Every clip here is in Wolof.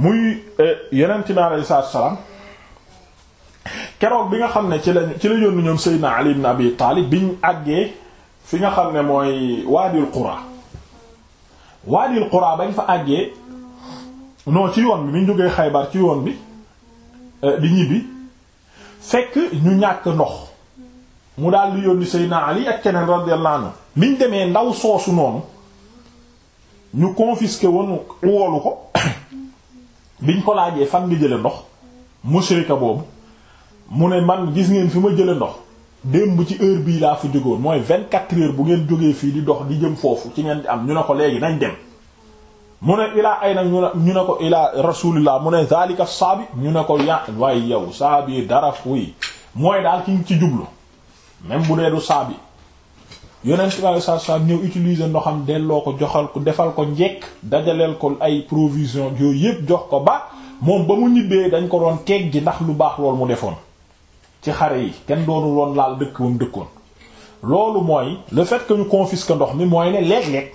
muy eh, yeneen ci alayhi salaatu salaam keroog bi nga xam ne ci la ci la yónni ñoom Seydina Ali ibn Abi Taalib ñu àggee fi nga xam ne mooy Waadil Qura Waadil Qura bañ fa àggee non ci yoon bi biñ jógee Xaybar ci yoon bi eh, di ñibbi fekk ñu ñàkk ndox mu daal di yónni Seydina Ali ak keneen radiyallahu anhu biñ demee ndaw soosu noonu ñu confisqué woon woolu ko biñ ko laajee fan nga jële ndox mushrika boobu mu ne man gis ngeen fi ma jële ndox démb ci heure bii laa fa jógoon mooy vingt-quatre heures bu ngeen jógee fii di dox di jëm foofu ci ngeen di am ñu ne ko léegi nañ dem mu ne ilaa ay nag ñu ne ko ilaa rasulillah mu ne zalika saabi ñu ne ko ya waaye yow saabi dara fuy mooy daal ki ci jublu même bu dee du saabi yonent bi sallallahu alayhi ñëw utiliser ndoxam delloo ko joxal ko defal ko njekk dajaleel ko ay provision yooyu yépp jox ko ba moom ba mu ñibbee dañ ko doon teg ji ndax lu baax lool mu defoon ci xare yi kenn doonu loon laal dëkk ba mu dëkkoon loolu mooy le fekk que ñu confisque ndox mi mooy ne lekk léeg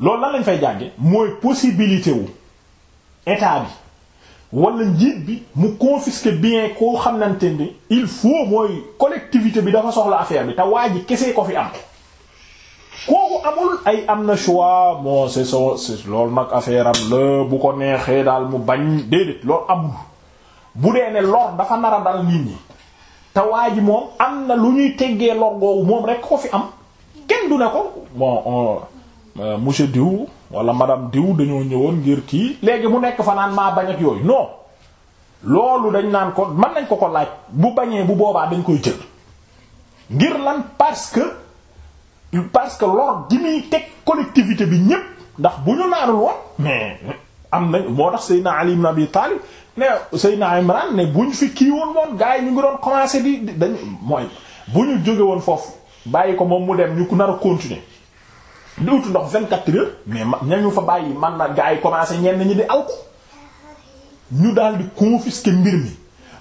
loolu lan lañ fay jànge mooy possibilité wu état bi wala njiit bi mu confisquer bien koo xamante ni il faut mooy collectivité bi dafa soxla affaire bi te ji kese ko fi am kooku amul ay am na choix bon c'est ça c'est loolu nag affaire la bu ko neexee daal mu bañ déedéet loolu amul bu dee ne lor dafa nar a dal nit ñi te waa ji moom am na lu ñuy teggee lor googu moom rek ko fi am kenn du ne ko bon Euh, monsieur diw wala madame diw dañoo ñëwoon ngir kii léegi mu nekk fa maa bañ ak yooyu non loolu dañ naan ko man nañ ko ko laaj bu bañee bu boobaa dañ koy jël ngir lan parce que parce que lor ji muy teg collectivité bi ñépp ndax bu ñu naanul woon mais am nañ moo tax Seydina Ali ibn Abi Talib ne Seydina Imran ne bu ñu fi kii woon woon gars yi ñu ngi doon commencé bi dañ mooy bu ñu jóge woon foofu bàyyi ko moom mu dem ñu nar a continuer di wutu ndox vingt quatre heures mais ñañu fa bàyyi man na gaa yi commencé ñenn ñi di aw ko ñu daal di confisquer mbir mi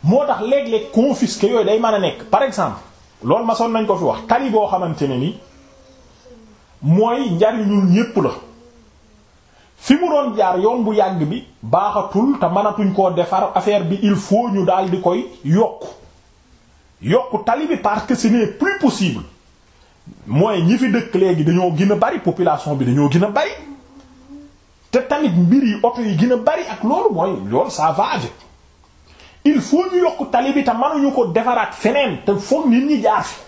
moo tax léeg-léeg confisquer yooyu day mën a nekk par exemple loolu ma son nañ ko fi wax tali boo xamante ne ni mooy njariñul ñépp la fi mu doon jaar yoon bu yàgg bi baaxatul te mënatuñ ko defar affaire bi il faut ñu daal di koy yokk yokk tali bi parce que ce n'est plus possible mooy ñi fi dëkk léegi dañoo gën a bari population bi dañoo gën a bari te tamit mbir yi oto yi gën a bari ak loolu mooy loolu ça va il faut ñu yokk tali bi te mënuñu ko defaraat feneen te foog nit ñi jaar fi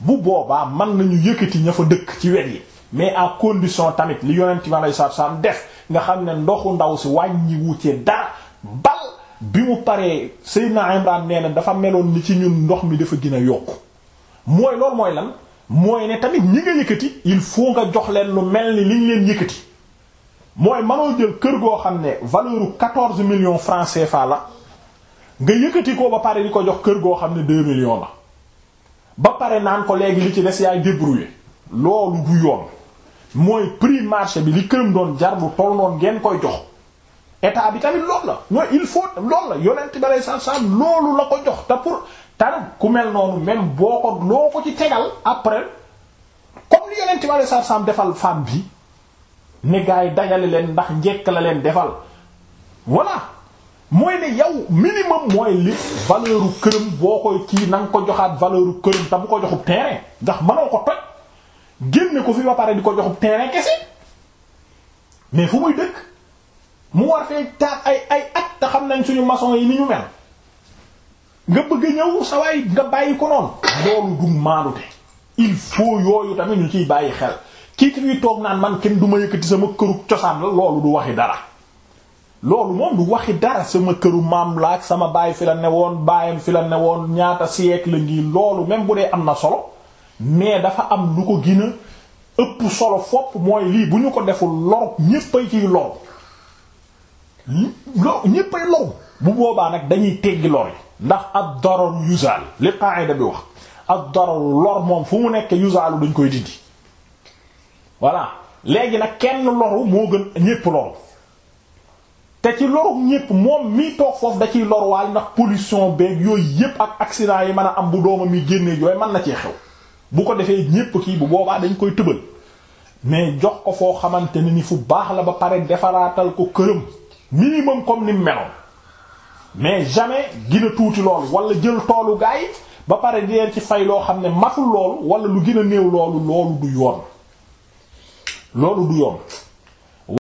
bu boobaa man nañu yëkkati ña fa dëkk ci wet yi mais à condition tamit li yonent bi alayhi salaatu salaam def nga xam ne ndoxu ndaw si wàññiwu ci dara bal bi mu paree Seydina Imran nee na dafa meloon ni ci ñun ndox mi dafa gën a yokk mooy loolu mooy lan. mooy ne tamit ñi nga yëkkati il faut nga jox leen lu mel ni liñ leen yëkkati mooy mënoo jël kër goo xam ne valeur quatorze million francs CFA la nga yëkkati ko ba pare di ko jox kër goo xam ne deux millions la ba pare naan ko léegi li ci des yaay débrouiller loolu du yoon mooy prix marché bi li këram doon jar bu toll noon ngeen koy jox état bi tamit loolu la mooy il faut loolu la yonent bi aleyhi salaatu loolu la ko jox te pour tar ku mel noonu même boo ko loo ko ci tegal après comme li yeneen tibaale sar sam defal femme bi ne gars yi dajale leen ndax njekk la leen defal voilà mooy ne yow minimum mooy li valeur këram boo koy ci na ko joxaat valeur u këram te bu ko joxub terrain ndax mënoo ko toj génne ko fi ba pare di ko joxub terrain kese mais fu muy dëkk mu war fee taat ay ay at te xam nañ suñu maçon yi ni ñu mel nga bëgg a ñëw sa nga bàyyi ko noonu loolu du maanute il faut yooyu tamit ñu ciy bàyyi xel kii ki ñuy toog naan man kenn du ma yëkkati sama këru cosaan la loolu du waxi dara loolu moom du waxi dara sama këru maam la ak sama baay fi la ne woon baayam fi la ne woon ñaata siècle la ngi loolu même bu dee am na solo mais dafa am lu ko gën a ëpp solo fopp mooy lii bu ñu ko deful lor ñéppay ciy lor ñéppay lor bu boobaa nag dañuy teggi lor yi ndax ak dararu yuzaal li qaida bi wax ad dararu lor moom fu mu nekk yuzaalu dañ koy dindi voilà léegi nag kenn loru moo gën ñépp loru te ci loru ñépp moom mii toog foofu da ciy lor waaye ndax pollution beeg yooyu yépp ak accident yi mën a am bu doomam yi génnee yooyu man na cee xew bu ko defee ñépp kii bu boobaa dañ koy tëbal mais jox ko foo xamante ni ni fu baax la ba pare defaraatal ko këram minimum comme ni meloon mais jamais gina tuuti loolu wala jël toolu gaay ba pare di leen ci fay loo xam ne matul loolu wala lu gën a néew loolu loolu du yoon loolu du yoon